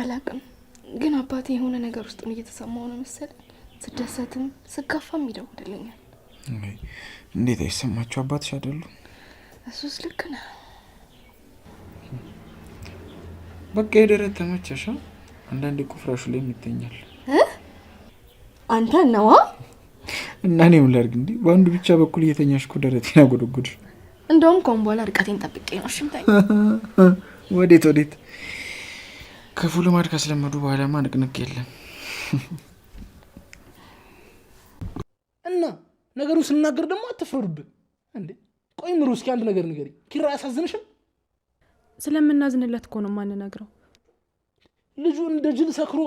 አላቅም ግን አባቴ የሆነ ነገር ውስጡን እየተሰማው ነው መሰለኝ። ስደሰትም ስጋፋም ይደውልልኛል። እንዴት አይሰማችሁ? አባትሽ አይደሉ? እሱስ ልክ ነህ። በቃ የደረት ተመቸሻ። አንዳንዴ እኮ ላይ ይተኛል። አንተ ነዋ። እና እኔ ምን ላድርግ? እንዲህ በአንዱ ብቻ በኩል እየተኛሽ እኮ ደረቴን አጎደጎድሽ። እንደውም ከሆን በኋላ ርቀቴን ጠብቄ ነው ሽምታ። ወዴት ወዴት ክፉ ልማድ ካስለመዱ በኋላማ ንቅንቅ የለም እና ነገሩ ስናገር ደግሞ አትፍረዱብን እንዴ። ቆይ ምሩ፣ እስኪ አንድ ነገር ንገሪ። ኪራ አያሳዝንሽም? ስለምናዝንለት እኮ ነው የማንነግረው። ልጁ እንደ ጅል ሰክሮ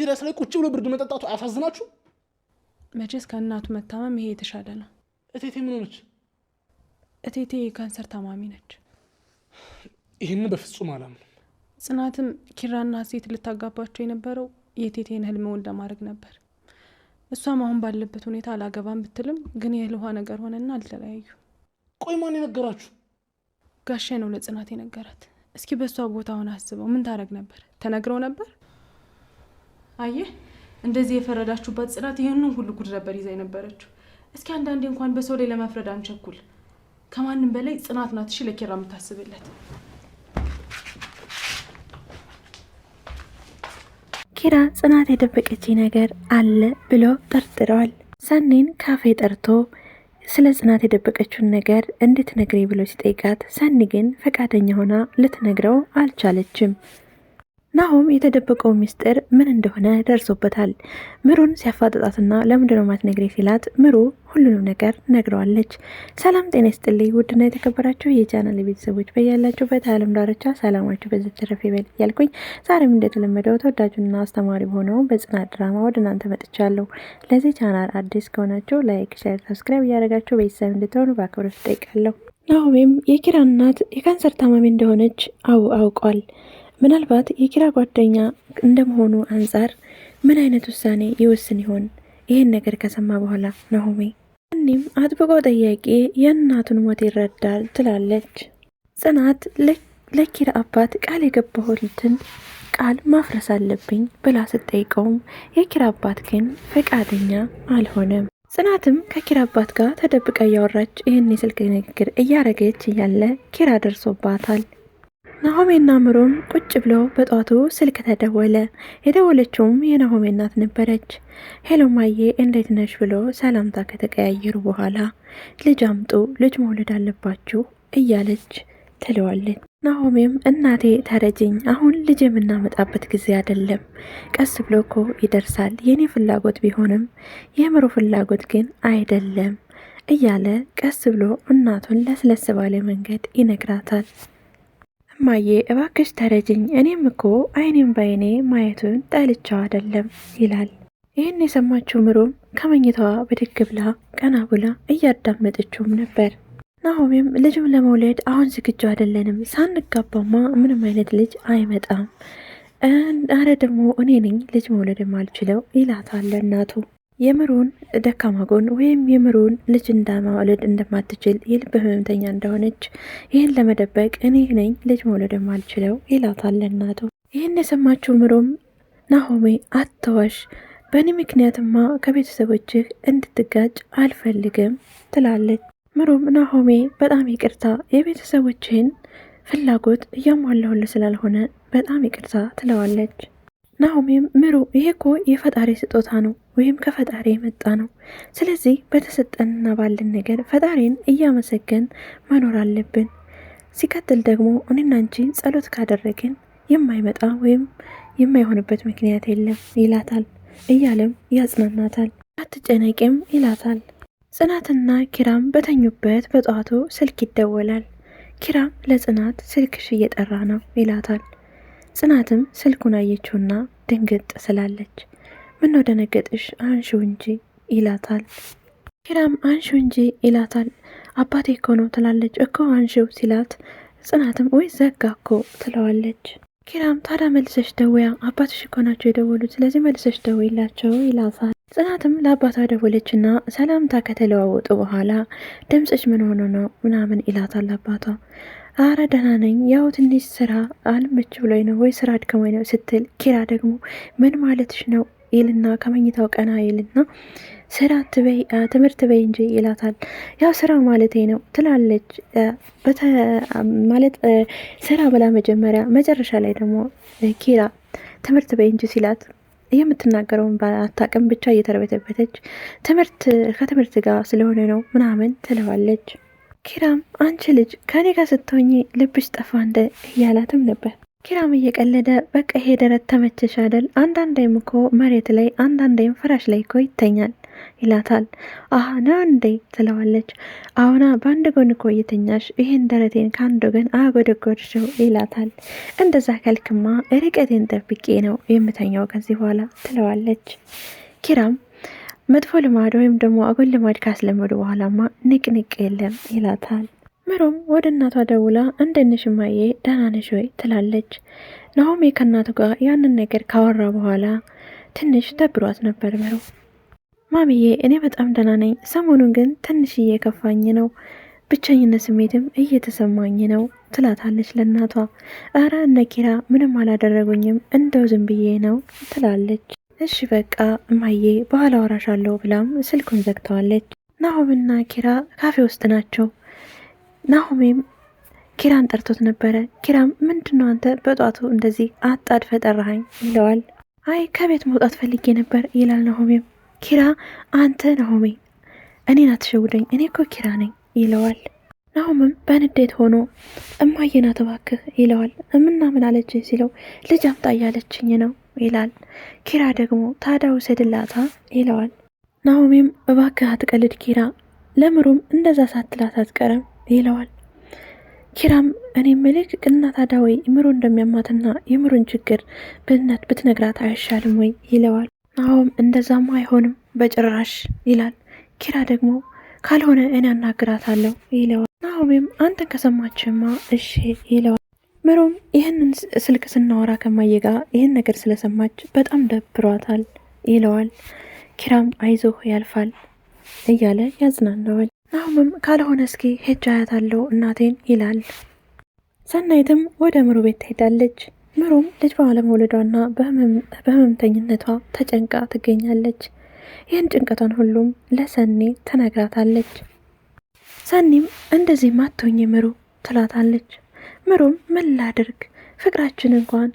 ቴዳስ ላይ ቁጭ ብሎ ብርድ መጠጣቱ አያሳዝናችሁ? መቼስ ከእናቱ መታመም ይሄ የተሻለ ነው። እቴቴ ምን ሆነች? እቴቴ ካንሰር ታማሚ ነች። ይህን በፍጹም አላምነው። ጽናትም ኪራና ሴት ልታጋባቸው የነበረው የቴቴን ህልም እውን ለማድረግ ነበር። እሷም አሁን ባለበት ሁኔታ አላገባም ብትልም ግን የህልዋ ነገር ሆነና አልተለያዩ። ቆይ ማን የነገራችሁ? ጋሼ ነው ለጽናት የነገራት። እስኪ በእሷ ቦታ ሆነ አስበው፣ ምን ታደረግ ነበር? ተነግረው ነበር። አየህ፣ እንደዚህ የፈረዳችሁባት ጽናት ይህንን ሁሉ ጉድ ነበር ይዛ የነበረችው። እስኪ አንዳንዴ እንኳን በሰው ላይ ለመፍረድ አንቸኩል። ከማንም በላይ ጽናት ናት፣ እሺ ለኪራ የምታስብለት ኪራ ጽናት የደበቀች ነገር አለ ብሎ ጠርጥረዋል። ሰኔን ካፌ ጠርቶ ስለ ጽናት የደበቀችውን ነገር እንድትነግሪ ብሎ ሲጠይቃት ሰኒ ግን ፈቃደኛ ሆና ልትነግረው አልቻለችም። ናሆም የተደበቀው ሚስጥር ምን እንደሆነ ደርሶበታል። ምሩን ሲያፋጥጣትና ለምንድነው ነው የማትነግሪኝ ሲላት ምሩ ሁሉንም ነገር ነግረዋለች። ሰላም ጤና ይስጥልኝ ውድና የተከበራችሁ የቻናል ቤተሰቦች በያላችሁበት አለም ዳርቻ ሰላማችሁ በዚህ ተረፍ ይበል እያልኩኝ ዛሬም እንደተለመደው ተወዳጁና አስተማሪ በሆነው በጽናት ድራማ ወደ እናንተ መጥቻለሁ። ለዚህ ቻናል አዲስ ከሆናችሁ ላይክ፣ ሸር፣ ሰብስክራይብ እያደረጋችሁ ቤተሰብ እንድትሆኑ በአክብሮት እጠይቃለሁ። ናሆሜም የኪራ እናት የካንሰር ታማሚ እንደሆነች አው አውቋል። ምናልባት የኪራ ጓደኛ እንደመሆኑ አንጻር ምን አይነት ውሳኔ ይወስን ይሆን? ይህን ነገር ከሰማ በኋላ ናሆሜ እኒም አጥብቆ ጠያቄ የእናቱን ሞት ይረዳል ትላለች ጽናት። ለኪራ አባት ቃል የገባሁትን ቃል ማፍረስ አለብኝ ብላ ስትጠይቀውም የኪራ አባት ግን ፈቃደኛ አልሆነም። ጽናትም ከኪራ አባት ጋር ተደብቃ እያወራች ይህን የስልክ ንግግር እያረገች እያለ ኪራ ደርሶባታል። ናሆሜና ምሩም ቁጭ ብሎ በጧቱ ስልክ ተደወለ። የደወለችውም የናሆሜ እናት ነበረች። ሄሎ ማዬ እንዴት ነሽ ብሎ ሰላምታ ከተቀያየሩ በኋላ ልጅ አምጡ፣ ልጅ መውለድ አለባችሁ እያለች ትለዋለች። ናሆሜም እናቴ ተረጅኝ፣ አሁን ልጅ የምናመጣበት ጊዜ አይደለም፣ ቀስ ብሎ እኮ ይደርሳል። የኔ ፍላጎት ቢሆንም የምሩ ፍላጎት ግን አይደለም እያለ ቀስ ብሎ እናቱን ለስለስ ባለ መንገድ ይነግራታል። እማዬ እባክሽ ተረጅኝ፣ እኔም እኮ አይኔም በአይኔ ማየቱን ጠልቻው አይደለም ይላል። ይህን የሰማችው ምሮም ከመኝታዋ ብድግ ብላ ቀና ብላ እያዳመጠችውም ነበር። ናሆሜም ልጅም ለመውለድ አሁን ዝግጁ አይደለንም፣ ሳንጋባማ ምንም አይነት ልጅ አይመጣም፣ አረ ደግሞ እኔ ነኝ ልጅ መውለድም አልችለው ይላታል እናቱ የምሩን ደካማ ጎን ወይም የምሩን ልጅ እንዳማወለድ እንደማትችል የልብ ህመምተኛ እንደሆነች ይህን ለመደበቅ እኔ ነኝ ልጅ መውለድ ማልችለው ይላታል እናቱ። ይህን የሰማችው ምሩም ናሆሜ አተዋሽ በእኔ ምክንያትማ ከቤተሰቦችህ እንድትጋጭ አልፈልግም ትላለች። ምሩም ናሆሜ በጣም ይቅርታ የቤተሰቦችህን ፍላጎት እያሟላሁልህ ስላልሆነ በጣም ይቅርታ ትለዋለች። ናሆሜም ምሩ፣ ይሄ እኮ የፈጣሪ ስጦታ ነው ወይም ከፈጣሪ የመጣ ነው። ስለዚህ በተሰጠንና ባለን ነገር ፈጣሪን እያመሰገን መኖር አለብን። ሲቀጥል ደግሞ እኔና አንቺ ጸሎት ካደረግን የማይመጣ ወይም የማይሆንበት ምክንያት የለም ይላታል። እያለም ያጽናናታል። አትጨነቂም ይላታል። ጽናትና ኪራም በተኙበት በጠዋቱ ስልክ ይደወላል። ኪራም ለጽናት ስልክሽ እየጠራ ነው ይላታል። ጽናትም ስልኩን አየችውና ድንግጥ ስላለች ምነው ደነገጥሽ አንሺው እንጂ ይላታል። ኪራም አንሺው እንጂ ይላታል። አባቴ እኮ ነው ትላለች። እኮ አንሺው ሲላት ጽናትም ወይ ዘጋ እኮ ትለዋለች። ኪራም ታዲያ መልሰሽ ደውያ አባትሽ እኮ ናቸው የደወሉት፣ ስለዚህ መልሰሽ ደውይላቸው ይላታል። ጽናትም ለአባቷ ደወለችና ሰላምታ ከተለዋወጡ በኋላ ድምፅሽ ምን ሆኖ ነው ምናምን ይላታል አባቷ አረ ደህና ነኝ፣ ያው ትንሽ ስራ አልመች ብሎኝ ነው ወይ ስራ አድከማኝ ነው ስትል፣ ኪራ ደግሞ ምን ማለትሽ ነው ይልና ከመኝታው ቀና ይልና ስራ ትበይ ትምህርት በይ እንጂ ይላታል። ያው ስራ ማለቴ ነው ትላለች። ማለት ስራ ብላ መጀመሪያ፣ መጨረሻ ላይ ደግሞ ኪራ ትምህርት በይ እንጂ ሲላት የምትናገረውን አታውቅም ብቻ እየተረበተበተች ትምህርት ከትምህርት ጋር ስለሆነ ነው ምናምን ትለዋለች። ኪራም አንቺ ልጅ ከኔ ጋር ስትሆኚ ልብሽ ጠፋ እንደ እያላትም ነበር። ኪራም እየቀለደ በቃ ይሄ ደረት ተመቸሽ አይደል? አንዳንዴም እኮ መሬት ላይ አንዳንዴም ፍራሽ ላይ እኮ ይተኛል ይላታል። አሀ ነው እንዴ ትለዋለች። አሁና በአንድ ጎን እኮ እየተኛሽ ይህን ደረቴን ከአንድ ወገን አጎደጎድሽው ይላታል። እንደዛ ከልክማ ርቀቴን ጠብቄ ነው የምተኛው ከዚህ በኋላ ትለዋለች። ኪራም መጥፎ ልማድ ወይም ደግሞ አጉል ልማድ ካስለመዱ በኋላማ ንቅንቅ የለም ይላታል። ምሩም ወደ እናቷ ደውላ እንደንሽ እማዬ ደህና ነሽ ወይ ትላለች። ናሆሜ ከእናቱ ጋር ያንን ነገር ካወራ በኋላ ትንሽ ደብሯት ነበር ምሩ። ማሚዬ እኔ በጣም ደህና ነኝ፣ ሰሞኑን ግን ትንሽ እየከፋኝ ነው፣ ብቸኝነት ስሜትም እየተሰማኝ ነው ትላታለች ለእናቷ። እረ እነ ኪራ ምንም አላደረጉኝም እንደው ዝም ብዬ ነው ትላለች። እሺ በቃ እማዬ ባህል አወራሻለሁ ብላም ስልኩን ዘግተዋለች። ናሆምና ኪራ ካፌ ውስጥ ናቸው። ናሆሜም ኪራን ጠርቶት ነበረ። ኪራም ምንድነው አንተ በጧቱ እንደዚህ አጣድፈ ጠራሃኝ? ይለዋል። አይ ከቤት መውጣት ፈልጌ ነበር ይላል ናሆሜም። ኪራ አንተ ናሆሜ እኔን አትሸውደኝ፣ እኔ እኮ ኪራ ነኝ ይለዋል። ናሆምም በንዴት ሆኖ እማዬ ናት እባክህ ይለዋል። እምና ምን አለች ሲለው ልጅ አምጣ እያለችኝ ነው ይላል። ኪራ ደግሞ ታዲያ ውሰድላታ ይለዋል። ናሆሜም እባክህ አትቀልድ ኪራ፣ ለምሩም እንደዛ ሳትላት አትቀርም ይለዋል። ኪራም እኔ ምልክ ቅና ታዲያ ወይ ምሩ እንደሚያማትና የምሩን ችግር በእናት ብትነግራት አይሻልም ወይ ይለዋል። ናሆም እንደዛማ አይሆንም በጭራሽ ይላል። ኪራ ደግሞ ካልሆነ እኔ አናግራታለሁ ይለዋል። ናሆሜም አንተን ከሰማችማ እሺ ይለዋል። ምሮም ይህንን ስልክ ስናወራ ከማየ ጋር ይህን ነገር ስለሰማች በጣም ደብሯታል ይለዋል። ኪራም አይዞ ያልፋል እያለ ያጽናናዋል። ናሁምም ካልሆነ እስኪ ሄጅ አያታለው እናቴን ይላል። ሰናይትም ወደ ምሩ ቤት ትሄዳለች። ምሩም ልጅ ባለመውለዷና በህመምተኝነቷ ተጨንቃ ትገኛለች። ይህን ጭንቀቷን ሁሉም ለሰኔ ትነግራታለች። ሰኒም እንደዚህ ማቶኝ ምሩ ትላታለች። ምሩም ምን ላድርግ ፍቅራችን እንኳን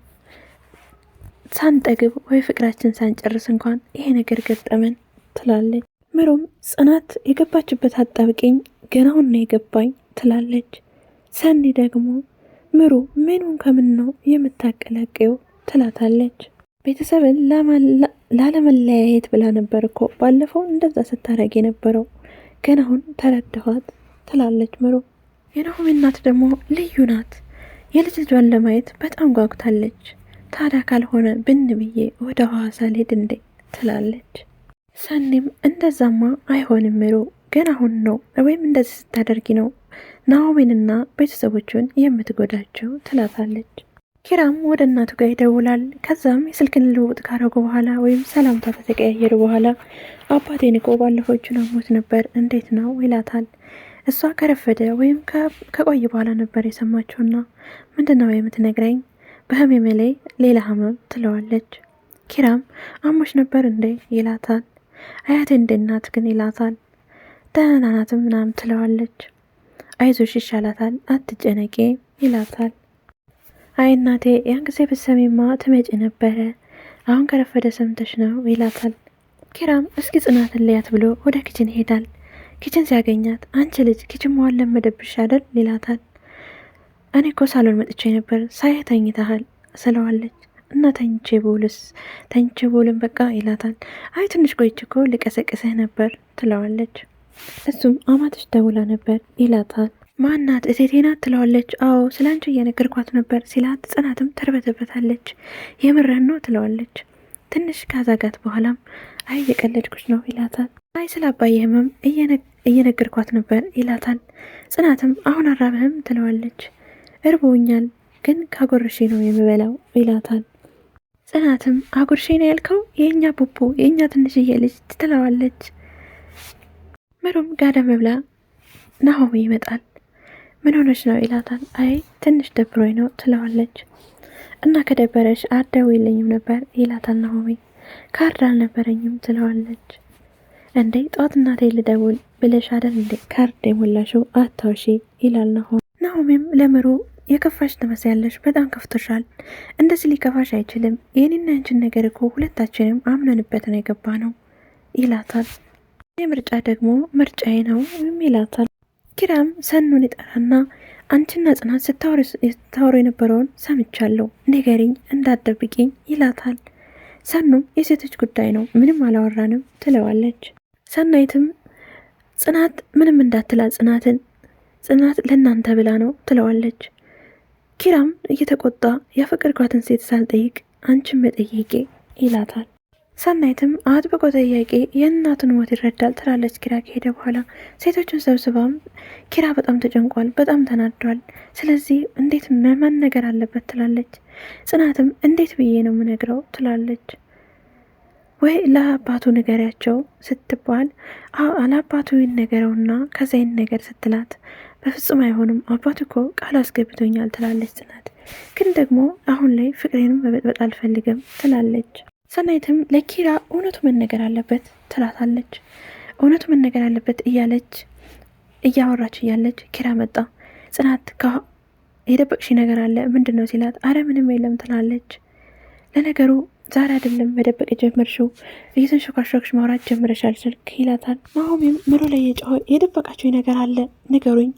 ሳንጠግብ ወይ ፍቅራችን ሳንጨርስ እንኳን ይሄ ነገር ገጠመን ትላለች። ምሩም ጽናት የገባችበት አጣብቂኝ ገናውን ነው የገባኝ ትላለች። ሰኒ ደግሞ ምሩ ምኑን ከምን ነው የምታቀላቀው ትላታለች። ቤተሰብን ላለመለያየት ብላ ነበር እኮ ባለፈው እንደዛ ስታረግ የነበረው ገናሁን ተረድኋት ትላለች ምሩም። የናሆሜ እናት ደግሞ ልዩ ናት። የልጅ ልጇን ለማየት በጣም ጓጉታለች። ታዲያ ካልሆነ ብን ብዬ ወደ ሐዋሳ ልሄድ እንዴ ትላለች። ሰኒም እንደዛማ አይሆንም ምሩ ግን አሁን ነው ወይም እንደዚህ ስታደርጊ ነው ናሆሜንና ቤተሰቦቹን የምትጎዳቸው ትላታለች። ኪራም ወደ እናቱ ጋር ይደውላል። ከዛም የስልክን ልውውጥ ካረጉ በኋላ ወይም ሰላምታ ከተቀያየሩ በኋላ አባቴ ንቆ ባለፈው እጁን አሞት ነበር እንዴት ነው ይላታል። እሷ ከረፈደ ወይም ከቆየ በኋላ ነበር የሰማችውና ምንድን ነው የምትነግረኝ? በህመሜ ላይ ሌላ ህመም ትለዋለች። ኪራም አሞሽ ነበር እንዴ ይላታል። አያቴ እንደ ግን ይላታል። ደህና ናትም ምናምን ትለዋለች። አይዞሽ ይሻላታል፣ አትጨነቄ ይላታል። አይ እናቴ ያን ጊዜ ብትሰሚማ ትመጪ ነበረ፣ አሁን ከረፈደ ሰምተሽ ነው ይላታል። ኪራም እስኪ ጽናትን ለያት ብሎ ወደ ክችን ይሄዳል። ኪችን ሲያገኛት አንቺ ልጅ ኪችን መዋል ለመደብሽ አይደል ይላታል። እኔ እኮ ሳሎን መጥቼ ነበር ሳይህ ተኝተሃል ስለዋለች እና ተኝቼ ቦልስ ተኝቼ ቦልን በቃ ይላታል። አይ ትንሽ ቆይቼ እኮ ልቀሰቅስህ ነበር ትለዋለች። እሱም አማትሽ ደውላ ነበር ይላታል። ማናት እቴቴ ናት ትለዋለች። አዎ ስለ አንቺ እየነገርኳት ነበር ሲላት ጽናትም ተርበተበታለች። የምርህን ነው ትለዋለች። ትንሽ ካዛጋት በኋላም አይ የቀለድኩሽ ነው ይላታል። አይ ስለ አባዬ ህመም እየነገርኳት ነበር ይላታል። ጽናትም አሁን አራበህም ትለዋለች። እርቦኛል ግን ካጎረሼ ነው የምበላው ይላታል። ጽናትም አጉርሼ ነው ያልከው የእኛ ቡቡ የእኛ ትንሽዬ ልጅ ትለዋለች። ምሩም ጋደም መብላ ናሆሜ ይመጣል። ምን ሆነች ነው ይላታል። አይ ትንሽ ደብሮኝ ነው ትለዋለች። እና ከደበረሽ አትደውይልኝም ነበር ይላታል ናሆሜ ካርድ አልነበረኝም ትለዋለች። እንዴ ጠዋት እናቴ ልደውል ብለሽ አይደል እንዴ ካርድ የሞላሽው አታውሺ ይላል ናሆም። ናሆሜም ለምሩ የከፋሽ ትመስያለሽ፣ በጣም ከፍቶሻል። እንደዚህ ሊከፋሽ አይችልም። የኔና ያንችን ነገር እኮ ሁለታችንም አምነንበት ነው የገባ ነው ይላታል። የምርጫ ደግሞ ምርጫዬ ነው ይላታል። ኪራም ሰኑን ይጠራና አንቺና ጽናት ስታወሩ የነበረውን ሰምቻለሁ፣ ንገሪኝ እንዳትደብቂኝ ይላታል። ሰኑም የሴቶች ጉዳይ ነው ምንም አላወራንም ትለዋለች። ሰናይትም ጽናት ምንም እንዳትላ ጽናትን ጽናት ለእናንተ ብላ ነው ትለዋለች። ኪራም እየተቆጣ ያፈቀርኳትን ሴት ሳልጠይቅ አንቺን መጠየቄ ይላታል። ሰናይትም አጥብቆ ጥያቄ የእናቱን ሞት ይረዳል ትላለች። ኪራ ከሄደ በኋላ ሴቶቹን ሰብስባም ኪራ በጣም ተጨንቋል፣ በጣም ተናዷል። ስለዚህ እንዴት ነገር አለበት ትላለች። ጽናትም እንዴት ብዬ ነው የምነግረው ትላለች። ወይ ለአባቱ ንገሪያቸው ስትባል ለአባቱ ይነገረውና ከዚይን ነገር ስትላት በፍጹም አይሆንም አባቱ እኮ ቃል አስገብቶኛል ትላለች ጽናት። ግን ደግሞ አሁን ላይ ፍቅሬንም መበጥበጥ አልፈልግም ትላለች። ሰናይትም ለኪራ እውነቱ መነገር አለበት ትላታለች። እውነቱ መነገር አለበት እያለች እያወራች እያለች ኪራ መጣ። ጽናት የደበቅሽ ነገር አለ ምንድን ነው ሲላት፣ አረ ምንም የለም ትላለች። ለነገሩ ዛሬ አይደለም መደበቅ የጀመርሽው እየተንሾካሾክሽ ማውራት ጀምረሻል ስልክ ይላታል። ናሆሜም ምሮ ላይ የጮኸ የደበቃቸው ነገር አለ ንገሩኝ።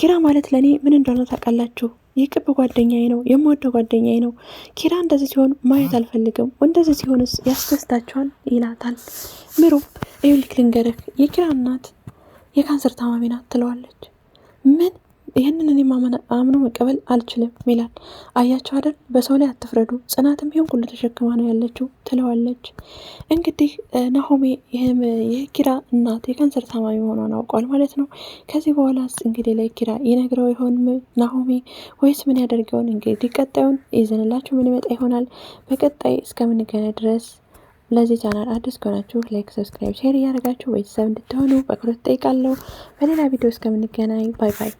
ኪራ ማለት ለእኔ ምን እንደሆነ ታውቃላችሁ የቅብ ጓደኛዬ ነው የምወደው ጓደኛዬ ነው። ኪራ እንደዚህ ሲሆን ማየት አልፈልግም፣ እንደዚህ ሲሆንስ ያስደስታቸዋል ይላታል። ምሮ ይኸውልህ ልንገርህ የኪራ እናት የካንሰር ታማሚ ናት ትለዋለች። ምን ይህንን እኔ አምኖ መቀበል አልችልም ይላል። አያቸው አይደል በሰው ላይ አትፍረዱ፣ ጽናትም ይሁን ሁሉ ተሸክማ ነው ያለችው ትለዋለች። እንግዲህ ናሆሜ ይህም የኪራ እናት የካንሰር ታማሚ መሆኗን አውቋል ማለት ነው። ከዚህ በኋላ እንግዲህ ለኪራ ኪራ ይነግረው ይሆን ናሆሜ ወይስ ምን ያደርገውን? እንግዲህ ቀጣዩን ይዘንላችሁ ምን ይመጣ ይሆናል። በቀጣይ እስከምንገናኝ ድረስ ለዚህ ቻናል አዲስ ከሆናችሁ ላይክ፣ ሰብስክራይብ፣ ሼር እያደረጋችሁ ቤተሰብ እንድትሆኑ በአክብሮት እጠይቃለሁ። በሌላ ቪዲዮ እስከምንገናኝ ባይ ባይ።